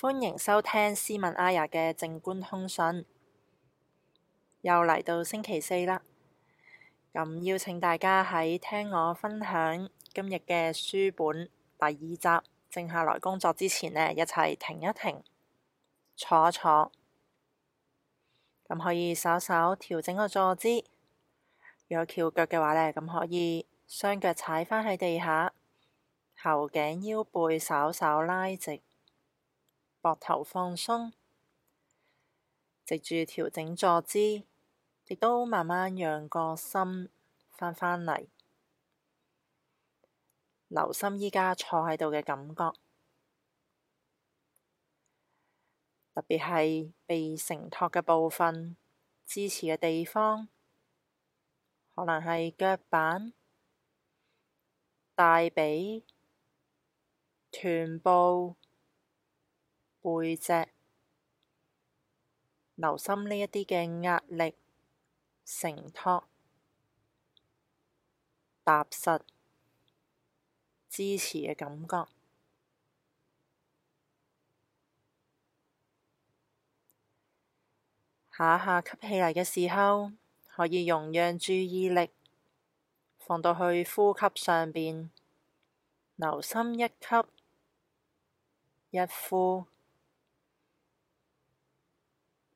歡迎收聽斯文阿爺嘅靜觀通訊，又嚟到星期四啦。咁邀請大家喺聽我分享今日嘅書本第二集，靜下來工作之前呢，一齊停一停，坐一坐。咁可以稍稍調整個坐姿，如果翹腳嘅話呢，咁可以雙腳踩返喺地下，頭頸腰背稍稍拉直。膊頭放鬆，藉住調整坐姿，亦都慢慢讓個心翻返嚟，留心依家坐喺度嘅感覺，特別係被承托嘅部分、支持嘅地方，可能係腳板、大髀、臀部。背脊，留心呢一啲嘅壓力承托、踏實支持嘅感覺，下下吸起嚟嘅時候，可以容讓注意力放到去呼吸上邊，留心一吸一呼。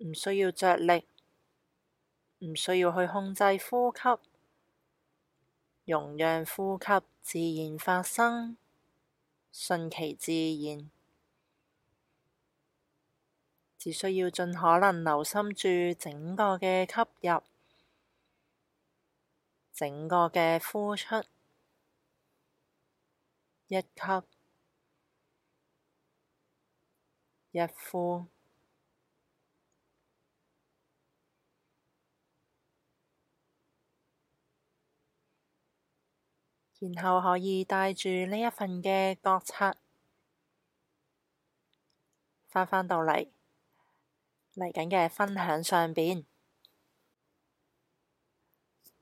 唔需要着力，唔需要去控制呼吸，容讓呼吸自然發生，順其自然，只需要盡可能留心住整個嘅吸入，整個嘅呼出，一吸一呼。然後可以帶住呢一份嘅覺察翻返到嚟嚟緊嘅分享上邊。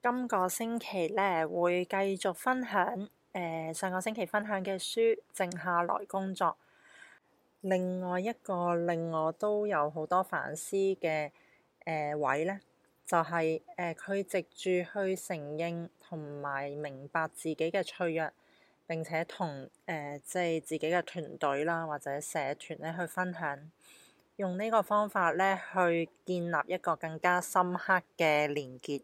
今、這個星期呢，會繼續分享、呃、上個星期分享嘅書《靜下來工作》。另外一個令我都有好多反思嘅、呃、位呢，就係佢藉住去承認。同埋明白自己嘅脆弱，並且同誒、呃、即係自己嘅團隊啦，或者社團咧去分享，用呢個方法咧去建立一個更加深刻嘅連結。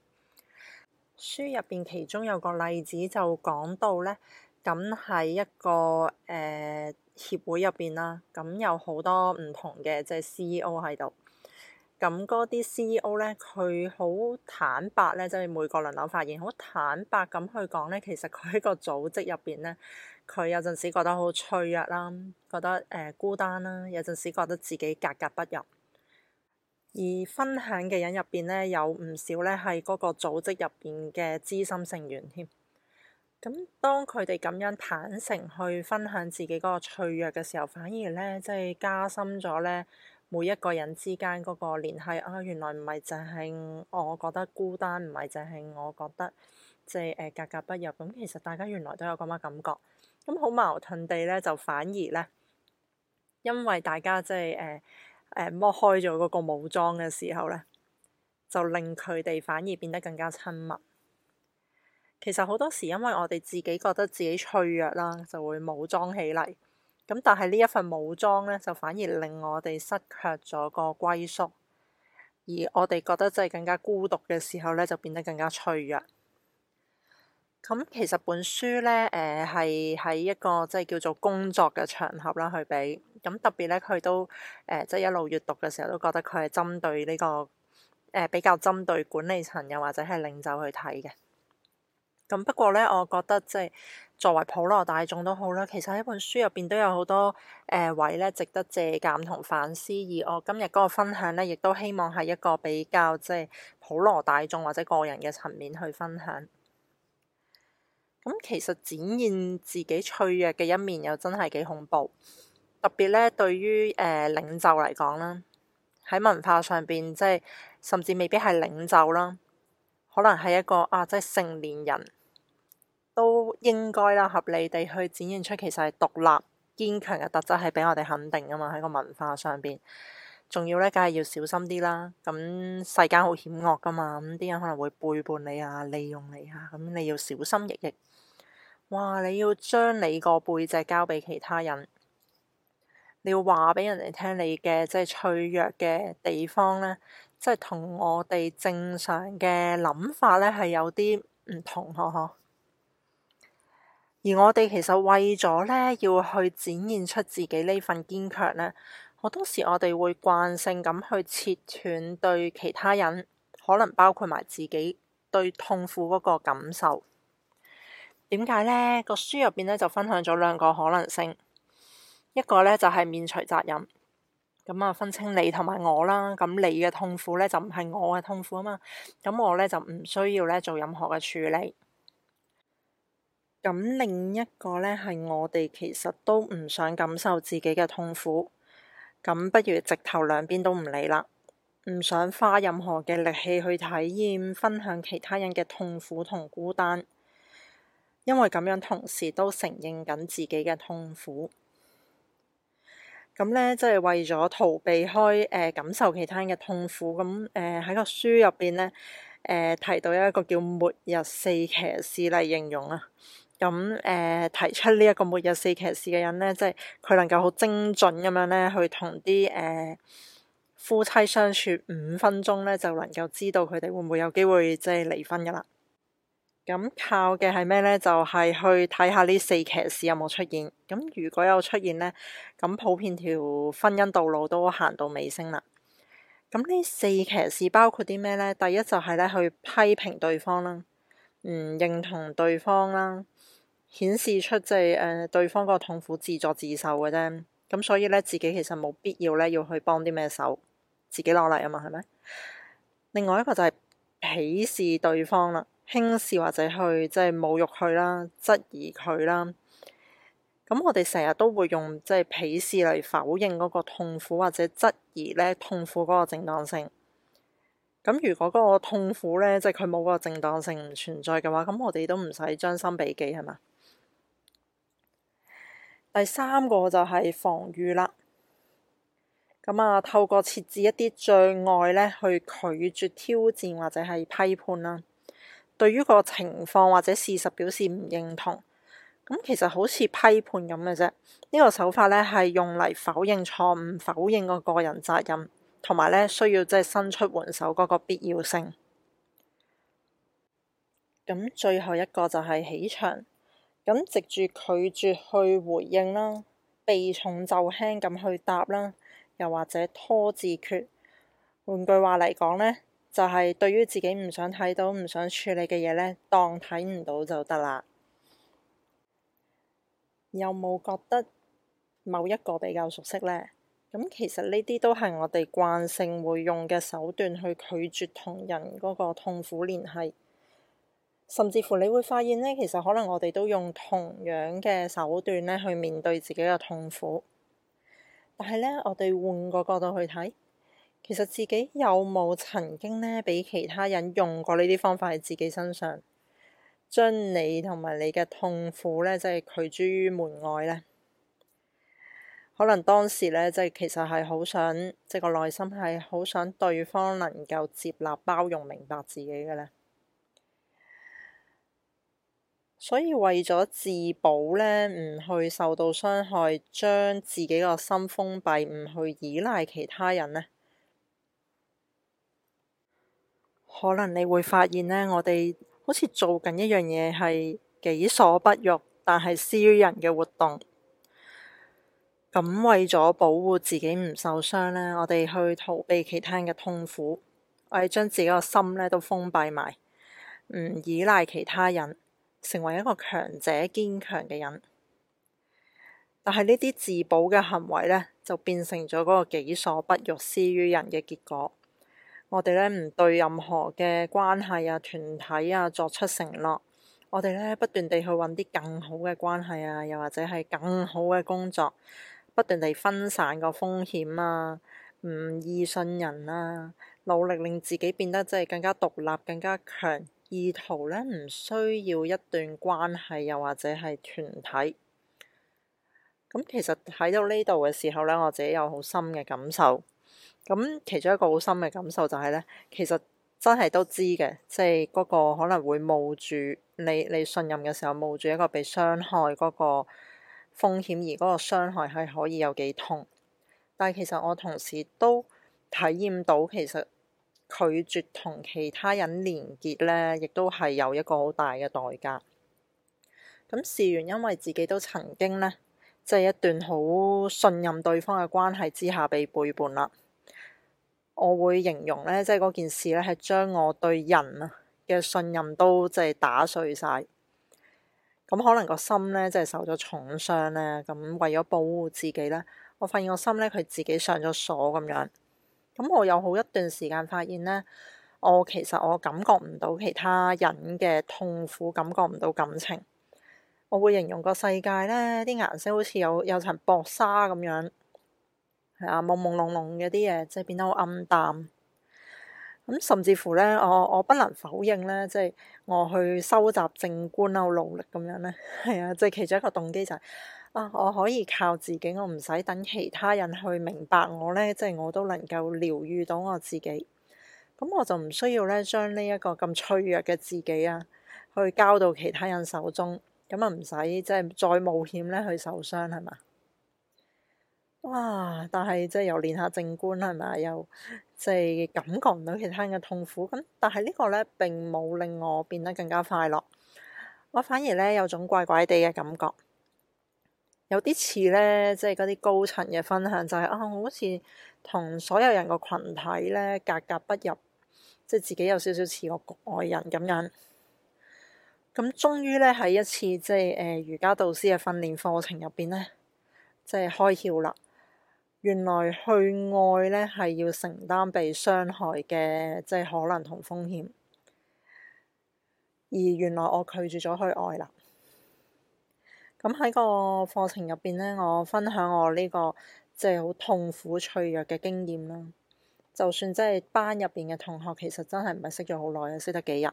書入邊其中有個例子就講到咧，咁喺一個誒、呃、協會入邊啦，咁有好多唔同嘅即係 CEO 喺度。咁嗰啲 C E O 咧，佢好坦白咧，即係每個輪流發言，好坦白咁去講呢，其實佢喺個組織入邊呢，佢有陣時覺得好脆弱啦，覺得誒孤單啦，有陣時覺得自己格格不入。而分享嘅人入邊呢，有唔少呢係嗰個組織入邊嘅資深成員添。咁當佢哋咁樣坦誠去分享自己嗰個脆弱嘅時候，反而呢，即係加深咗呢。每一個人之間嗰個聯繫啊，原來唔係淨係我覺得孤單，唔係淨係我覺得即係誒格格不入。咁其實大家原來都有咁嘅感覺，咁好矛盾地咧，就反而咧，因為大家即係誒誒剝開咗嗰個武裝嘅時候咧，就令佢哋反而變得更加親密。其實好多時，因為我哋自己覺得自己脆弱啦，就會武裝起嚟。咁但係呢一份武裝咧，就反而令我哋失卻咗個歸宿，而我哋覺得即係更加孤獨嘅時候咧，就變得更加脆弱。咁、嗯、其實本書咧，誒係喺一個即係叫做工作嘅場合啦去俾，咁、嗯、特別咧佢都誒、呃、即係一路閱讀嘅時候都覺得佢係針對呢、這個誒、呃、比較針對管理層又或者係領袖去睇嘅。咁、嗯、不過咧，我覺得即係。作為普羅大眾都好啦，其實喺本書入邊都有好多位咧、呃，值得借鑑同反思。而我今日嗰個分享咧，亦都希望係一個比較即係普羅大眾或者個人嘅層面去分享。咁其實展現自己脆弱嘅一面又真係幾恐怖，特別咧對於誒、呃、領袖嚟講啦，喺文化上邊即係甚至未必係領袖啦，可能係一個啊，即係成年人。都應該啦，合理地去展現出其實係獨立堅強嘅特質，係俾我哋肯定噶嘛。喺個文化上面，仲要呢梗係要小心啲啦。咁世間好險惡噶嘛，咁啲人可能會背叛你啊、利用你啊，咁你要小心翼翼。哇！你要將你個背脊交俾其他人，你要話俾人哋聽你嘅即係脆弱嘅地方呢，即係同我哋正常嘅諗法呢係有啲唔同咯。呵呵而我哋其實為咗呢，要去展現出自己呢份堅強呢。好多時我哋會慣性咁去切斷對其他人，可能包括埋自己對痛苦嗰個感受。點解呢？個書入邊呢就分享咗兩個可能性，一個呢，就係免除責任，咁啊分清你同埋我啦。咁你嘅痛苦呢，就唔係我嘅痛苦啊嘛，咁我呢，就唔需要呢做任何嘅處理。咁另一個呢係我哋其實都唔想感受自己嘅痛苦，咁不如直頭兩邊都唔理啦，唔想花任何嘅力氣去體驗分享其他人嘅痛苦同孤單，因為咁樣同時都承認緊自己嘅痛苦。咁呢，即係為咗逃避開誒、呃、感受其他人嘅痛苦，咁誒喺個書入邊呢，誒、呃、提到一個叫末日四騎士嚟形容啊。咁誒、呃、提出呢一個末日四騎士嘅人呢，即係佢能夠好精準咁樣呢，去同啲誒夫妻相處五分鐘呢，就能夠知道佢哋會唔會有機會即係離婚噶啦。咁靠嘅係咩呢？就係、是、去睇下呢四騎士有冇出現。咁如果有出現呢，咁普遍條婚姻道路都行到尾聲啦。咁呢四騎士包括啲咩呢？第一就係呢，去批評對方啦，唔認同對方啦。顯示出即係誒對方個痛苦自作自受嘅啫，咁所以咧自己其實冇必要咧要去幫啲咩手，自己攞嚟啊嘛，係咪？另外一個就係鄙視對方啦，輕視或者去即係侮辱佢啦，質疑佢啦。咁我哋成日都會用即係鄙視嚟否認嗰個痛苦或者質疑咧痛苦嗰個正當性。咁如果嗰個痛苦咧即係佢冇個正當性唔存在嘅話，咁我哋都唔使將心比己係嘛。第三個就係防禦啦，咁啊透過設置一啲障礙呢，去拒絕挑戰或者係批判啦。對於個情況或者事實表示唔認同，咁其實好似批判咁嘅啫。呢個手法呢，係用嚟否認錯誤、否認個個人責任，同埋呢需要即係伸出援手嗰個必要性。咁最後一個就係起場。咁藉住拒絕去回應啦，避重就輕咁去答啦，又或者拖字訣。換句話嚟講呢，就係對於自己唔想睇到、唔想處理嘅嘢呢，當睇唔到就得啦。有冇覺得某一個比較熟悉呢？咁其實呢啲都係我哋慣性會用嘅手段去拒絕同人嗰個痛苦聯繫。甚至乎你會發現咧，其實可能我哋都用同樣嘅手段咧去面對自己嘅痛苦。但係咧，我哋換個角度去睇，其實自己有冇曾經咧，俾其他人用過呢啲方法喺自己身上，將你同埋你嘅痛苦咧，即係拒諸於門外咧？可能當時咧，即係其實係好想，即係個內心係好想對方能夠接納、包容、明白自己嘅咧。所以為咗自保呢，唔去受到傷害，將自己個心封閉，唔去依賴其他人呢。可能你會發現呢，我哋好似做緊一樣嘢係己所不欲，但係施於人嘅活動。咁為咗保護自己唔受傷呢，我哋去逃避其他人嘅痛苦，我哋將自己個心呢都封閉埋，唔依賴其他人。成為一個強者、堅強嘅人，但係呢啲自保嘅行為呢，就變成咗嗰個己所不欲，施於人嘅結果。我哋呢唔對任何嘅關係啊、團體啊作出承諾，我哋呢不斷地去揾啲更好嘅關係啊，又或者係更好嘅工作，不斷地分散個風險啊，唔易信人啦，努力令自己變得即係更加獨立、更加強。意圖咧唔需要一段關係，又或者係團體。咁其實睇到呢度嘅時候咧，我自己有好深嘅感受。咁其中一個好深嘅感受就係咧，其實真係都知嘅，即係嗰個可能會冒住你你信任嘅時候冒住一個被傷害嗰個風險，而嗰個傷害係可以有幾痛。但係其實我同時都體驗到，其實，拒絕同其他人連結呢，亦都係有一個好大嘅代價。咁事源因為自己都曾經呢，即係一段好信任對方嘅關係之下被背叛啦。我會形容呢，即係嗰件事呢，係將我對人啊嘅信任都即係打碎晒。咁可能個心呢，即係受咗重傷呢。咁為咗保護自己呢，我發現個心呢，佢自己上咗鎖咁樣。咁我有好一段時間發現咧，我其實我感覺唔到其他人嘅痛苦，感覺唔到感情。我會形容個世界咧，啲顏色好似有有層薄紗咁樣，係啊，朦朦朧朧嘅啲嘢，即係變得好暗淡。咁甚至乎咧，我我不能否認咧，即係我去收集靜觀啦，我努力咁樣咧，係啊，即係其中一個動機就係、是。啊！我可以靠自己，我唔使等其他人去明白我呢，即係我都能夠療愈到我自己。咁我就唔需要呢，將呢一個咁脆弱嘅自己啊，去交到其他人手中。咁啊，唔使即係再冒險呢去受傷，係嘛？哇！但係即係又練下靜觀，係咪又即係感覺唔到其他人嘅痛苦。咁但係呢個呢，並冇令我變得更加快樂，我反而呢有種怪怪哋嘅感覺。有啲似呢，即係嗰啲高層嘅分享，就係、是、啊，我好似同所有人個群體呢格格不入，即係自己有少少似個局外人咁樣。咁終於呢，喺一次即係誒、呃、瑜伽導師嘅訓練課程入邊呢，即係開竅啦。原來去愛呢，係要承擔被傷害嘅即係可能同風險，而原來我拒絕咗去愛啦。咁喺個課程入邊咧，我分享我呢、這個即係好痛苦、脆弱嘅經驗啦。就算即係班入邊嘅同學，其實真係唔係識咗好耐，識得幾日，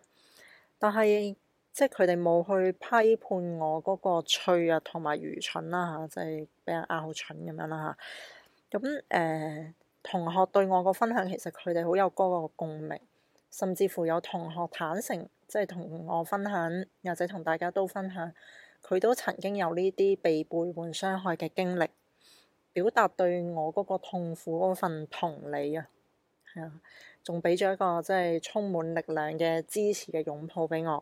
但係即係佢哋冇去批判我嗰個脆弱同埋愚蠢啦吓，即係俾人拗蠢咁樣啦吓。咁誒、呃，同學對我個分享，其實佢哋好有嗰個共鳴，甚至乎有同學坦誠即係同我分享，又或者同大家都分享。佢都曾經有呢啲被背叛、傷害嘅經歷，表達對我嗰個痛苦嗰份同理啊，係啊，仲俾咗一個即係充滿力量嘅支持嘅擁抱俾我。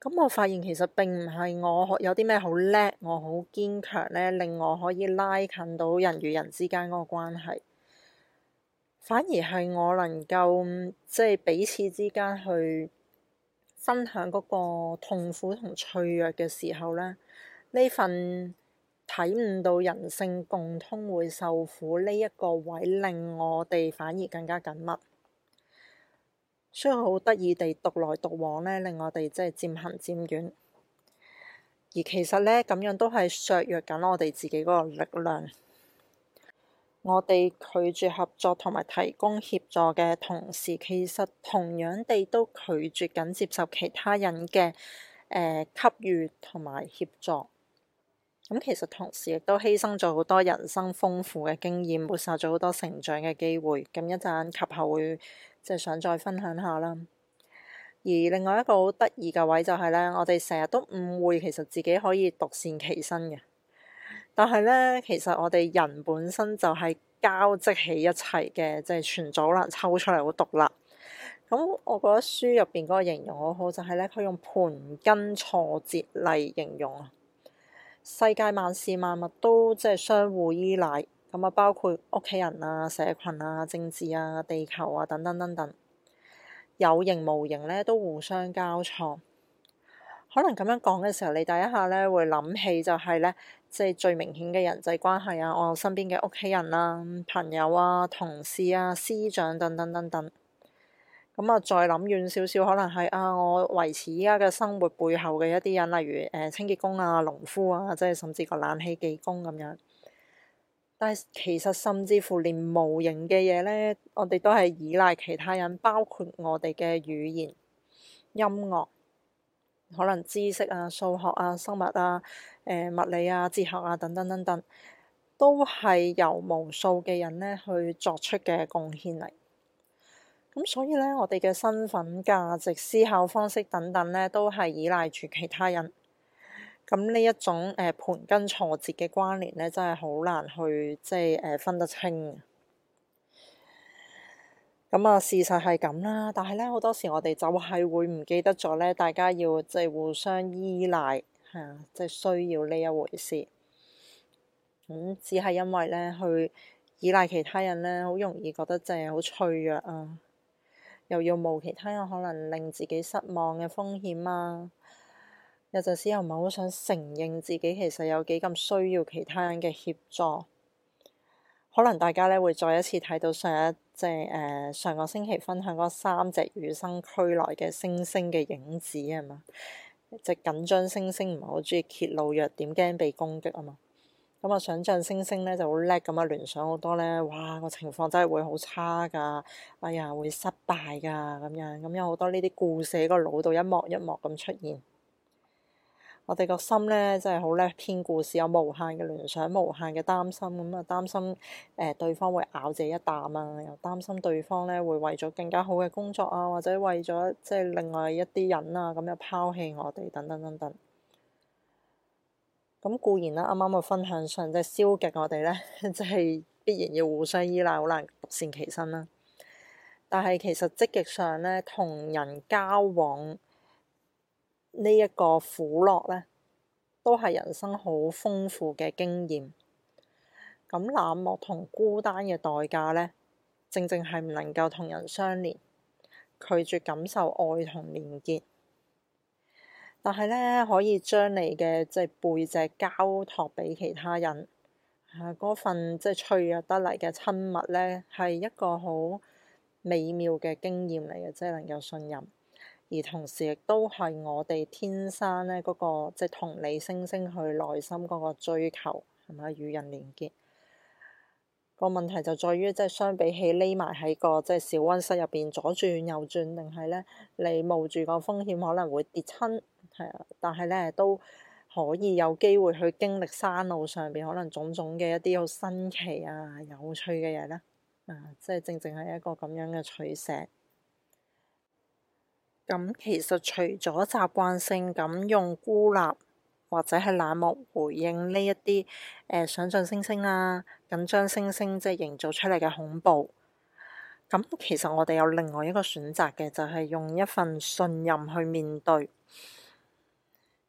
咁我發現其實並唔係我有啲咩好叻，我好堅強咧，令我可以拉近到人與人之間嗰個關係，反而係我能夠即係彼此之間去分享嗰個痛苦同脆弱嘅時候呢，呢份睇唔到人性共通會受苦呢一個位，令我哋反而更加緊密，所以好得意地獨來獨往呢，令我哋即係漸行漸遠，而其實呢，咁樣都係削弱緊我哋自己嗰個力量。我哋拒絕合作同埋提供協助嘅同時，其實同樣地都拒絕緊接受其他人嘅誒給予同埋協助。咁、嗯、其實同時亦都犧牲咗好多人生豐富嘅經驗，抹殺咗好多成長嘅機會。咁一陣及後會即係想再分享下啦。而另外一個好得意嘅位就係、是、呢，我哋成日都誤會，其實自己可以獨善其身嘅。但係呢，其實我哋人本身就係交織起一齊嘅，即係存在好難抽出嚟好獨立。咁我覺得書入邊嗰個形容好好，就係呢，佢用盤根錯節嚟形容啊。世界萬事萬物都即係相互依賴，咁啊，包括屋企人啊、社群啊、政治啊、地球啊等等等等，有形無形呢都互相交錯。可能咁樣講嘅時候，你第一下咧會諗起就係咧，即係最明顯嘅人際關係啊，我身邊嘅屋企人啊、朋友啊、同事啊、師長等等等等。咁、嗯、啊，再諗遠少少，可能係啊，我維持依家嘅生活背後嘅一啲人，例如誒清潔工啊、農夫啊，即係甚至個冷氣技工咁樣。但係其實甚至乎連無形嘅嘢咧，我哋都係依賴其他人，包括我哋嘅語言、音樂。可能知識啊、數學啊、生物啊、誒、呃、物理啊、哲學啊等等等等，都係由無數嘅人咧去作出嘅貢獻嚟。咁所以咧，我哋嘅身份、價值、思考方式等等咧，都係依賴住其他人。咁呢一種誒盤根錯節嘅關聯咧，真係好難去即係誒分得清。咁啊，事實係咁啦，但係咧，好多時我哋就係會唔記得咗咧，大家要即係互相依賴，係啊，即係需要呢一回事。咁只係因為咧，去依賴其他人咧，好容易覺得即係好脆弱啊，又要冇其他人可能令自己失望嘅風險啊，有陣時又唔係好想承認自己其實有幾咁需要其他人嘅協助。可能大家咧會再一次睇到上一即誒、呃、上個星期分享過三隻與生俱來嘅星星嘅影子啊嘛，隻緊張星星唔係好中意揭露弱點，驚被攻擊啊嘛。咁啊，我想象星星咧就好叻咁啊，聯想好多咧，哇個情況真係會好差噶，哎呀會失敗噶咁樣，咁有好多呢啲故事喺個腦度一幕一幕咁出現。我哋個心咧，真係好叻，編故事，有無限嘅聯想，無限嘅擔心。咁啊，擔心誒對方會咬自己一啖啊，又擔心對方咧會為咗更加好嘅工作啊，或者為咗即係另外一啲人啊，咁樣拋棄我哋，等等等等。咁固然啦，啱啱嘅分享上即係消極，我哋咧即係必然要互相依賴，好難獨善其身啦。但係其實積極上咧，同人交往。呢一個苦樂呢，都係人生好豐富嘅經驗。咁冷漠同孤單嘅代價呢，正正係唔能夠同人相連，拒絕感受愛同連結。但係呢，可以將你嘅即係背脊交託俾其他人，啊，嗰份即係脆弱得嚟嘅親密呢，係一個好美妙嘅經驗嚟嘅，即係能夠信任。而同時亦都係我哋天生咧嗰、那個即係、就是、同理星星去內心嗰個追求係咪？與人連結個問題就在於即係、就是、相比起匿埋喺個即係、就是、小溫室入邊左轉右轉，定係咧你冒住個風險可能會跌親係啊，但係咧都可以有機會去經歷山路上邊可能種種嘅一啲好新奇啊有趣嘅嘢咧啊，即、就、係、是、正正係一個咁樣嘅取捨。咁其實除咗習慣性咁用孤立或者係冷漠回應呢一啲想象星星啦緊張星星即係營造出嚟嘅恐怖，咁其實我哋有另外一個選擇嘅，就係用一份信任去面對，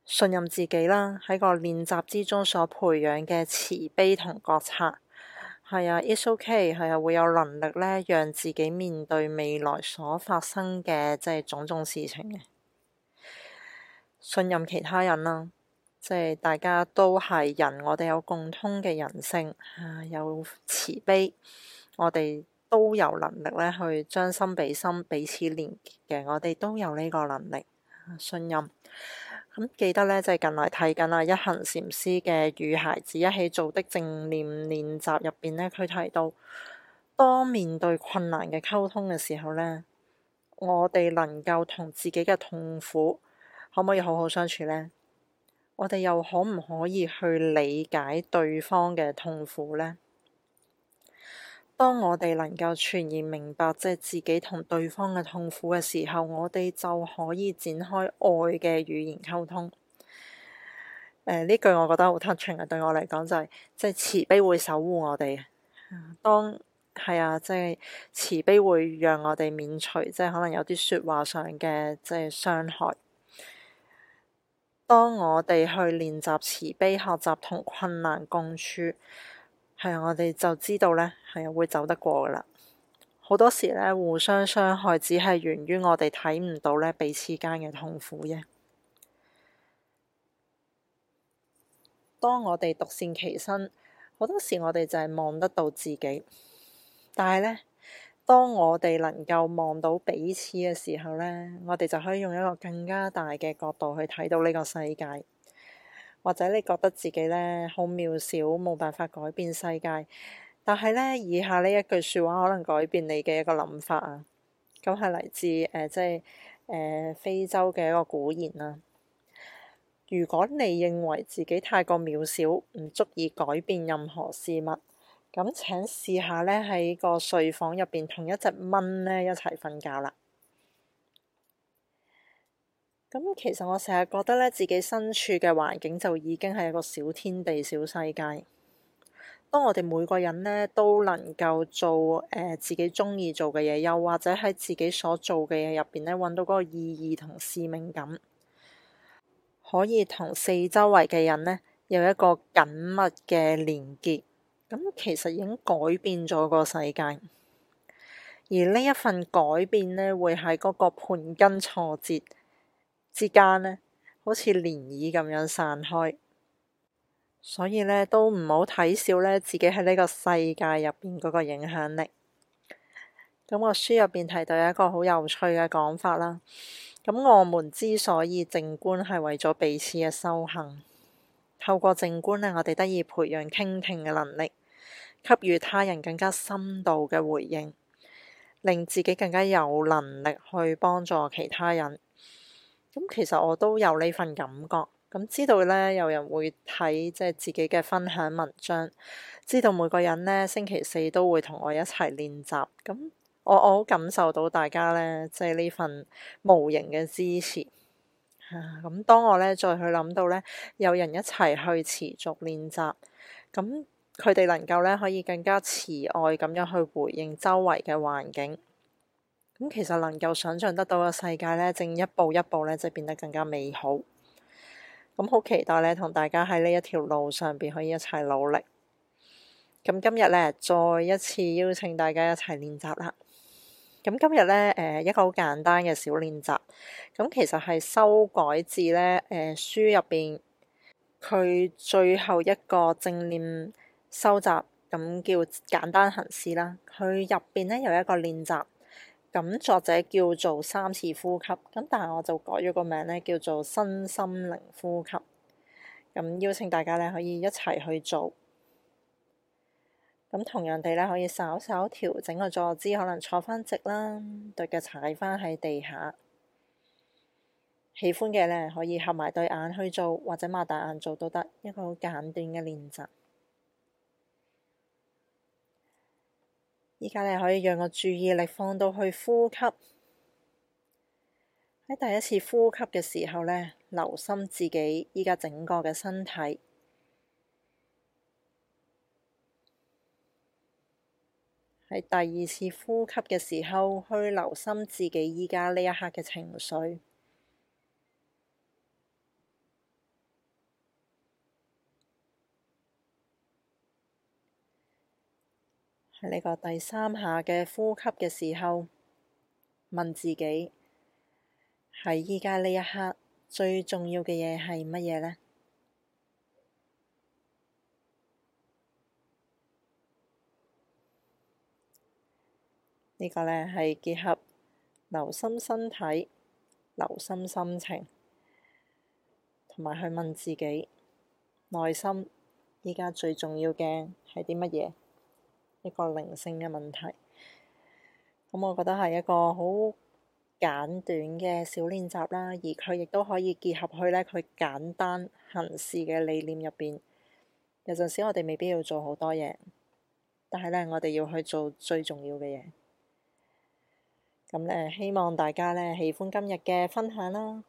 信任自己啦，喺個練習之中所培養嘅慈悲同覺察。係啊，It's okay 係啊，會有能力呢，讓自己面對未來所發生嘅即係種種事情嘅。信任其他人啦。即係大家都係人，我哋有共通嘅人性，有慈悲，我哋都有能力呢，去將心比心，彼此連結嘅。我哋都有呢個能力信任。咁、嗯、記得呢，就係、是、近嚟睇緊啊一行禪師嘅與孩子一起做的正念練習入邊呢，佢提到，當面對困難嘅溝通嘅時候呢，我哋能夠同自己嘅痛苦可唔可以好好相處呢？我哋又可唔可以去理解對方嘅痛苦呢？」當我哋能夠全然明白即係、就是、自己同對方嘅痛苦嘅時候，我哋就可以展開愛嘅語言溝通。呢、呃、句我覺得好 touching 嘅，對我嚟講就係即係慈悲會守護我哋、嗯。當係啊，即、就、係、是、慈悲會讓我哋免除即係、就是、可能有啲説話上嘅即係傷害。當我哋去練習慈悲、學習同困難共處。係啊，我哋就知道呢，係啊會走得過噶啦。好多時呢，互相傷害只係源於我哋睇唔到呢彼此間嘅痛苦啫。當我哋獨善其身，好多時我哋就係望得到自己。但係呢，當我哋能夠望到彼此嘅時候呢，我哋就可以用一個更加大嘅角度去睇到呢個世界。或者你覺得自己呢好渺小，冇辦法改變世界，但係呢，以下呢一句説話可能改變你嘅一個諗法啊。咁係嚟自誒、呃、即係誒、呃、非洲嘅一個古言啦。如果你認為自己太過渺小，唔足以改變任何事物，咁請試下呢，喺個睡房入邊同一隻蚊呢一齊瞓覺啦。咁其實我成日覺得呢，自己身處嘅環境就已經係一個小天地、小世界。當我哋每個人呢，都能夠做誒、呃、自己中意做嘅嘢，又或者喺自己所做嘅嘢入邊呢揾到嗰個意義同使命感，可以同四周圍嘅人呢有一個緊密嘅連結。咁其實已經改變咗個世界，而呢一份改變呢，會係嗰個盤根錯節。之間呢，好似漣漪咁樣散開，所以呢，都唔好睇小呢自己喺呢個世界入邊嗰個影響力。咁我書入邊提到有一個好有趣嘅講法啦。咁我們之所以靜觀係為咗彼此嘅修行，透過靜觀呢，我哋得以培養傾聽嘅能力，給予他人更加深度嘅回應，令自己更加有能力去幫助其他人。咁其實我都有呢份感覺，咁知道呢，有人會睇即係自己嘅分享文章，知道每個人呢星期四都會同我一齊練習，咁我我好感受到大家呢，即係呢份無形嘅支持。咁當我呢再去諗到呢，有人一齊去持續練習，咁佢哋能夠呢，可以更加慈愛咁樣去回應周圍嘅環境。咁其實能夠想象得到嘅世界呢，正一步一步呢，就變得更加美好。咁好期待呢，同大家喺呢一條路上邊可以一齊努力。咁今日呢，再一次邀請大家一齊練習啦。咁今日呢，誒、呃，一個好簡單嘅小練習。咁其實係修改字呢，誒、呃，書入邊佢最後一個正念收集咁叫簡單行詩啦。佢入邊呢，有一個練習。咁作者叫做三次呼吸，咁但係我就改咗個名呢，叫做身心靈呼吸。咁邀請大家呢，可以一齊去做，咁同樣地呢，可以稍稍調整個坐姿，可能坐翻直啦，對腳踩翻喺地下。喜歡嘅呢，可以合埋對眼去做，或者擘大眼做都得，一個好簡短嘅練習。而家你可以讓個注意力放到去呼吸。喺第一次呼吸嘅時候呢，留心自己而家整個嘅身體；喺第二次呼吸嘅時候，去留心自己而家呢一刻嘅情緒。呢個第三下嘅呼吸嘅時候，問自己喺依家呢一刻最重要嘅嘢係乜嘢呢？這」呢個呢，係結合留心身體、留心心情，同埋去問自己內心依家最重要嘅係啲乜嘢。一個靈性嘅問題，咁我覺得係一個好簡短嘅小練習啦。而佢亦都可以結合去呢，佢簡單行事嘅理念入邊。有陣時，我哋未必要做好多嘢，但係呢，我哋要去做最重要嘅嘢。咁呢，希望大家呢喜歡今日嘅分享啦。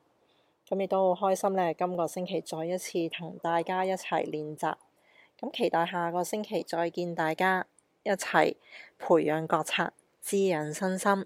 咁亦都好開心呢，今個星期再一次同大家一齊練習。咁期待下個星期再見大家。一齊培養覺察，滋養身心。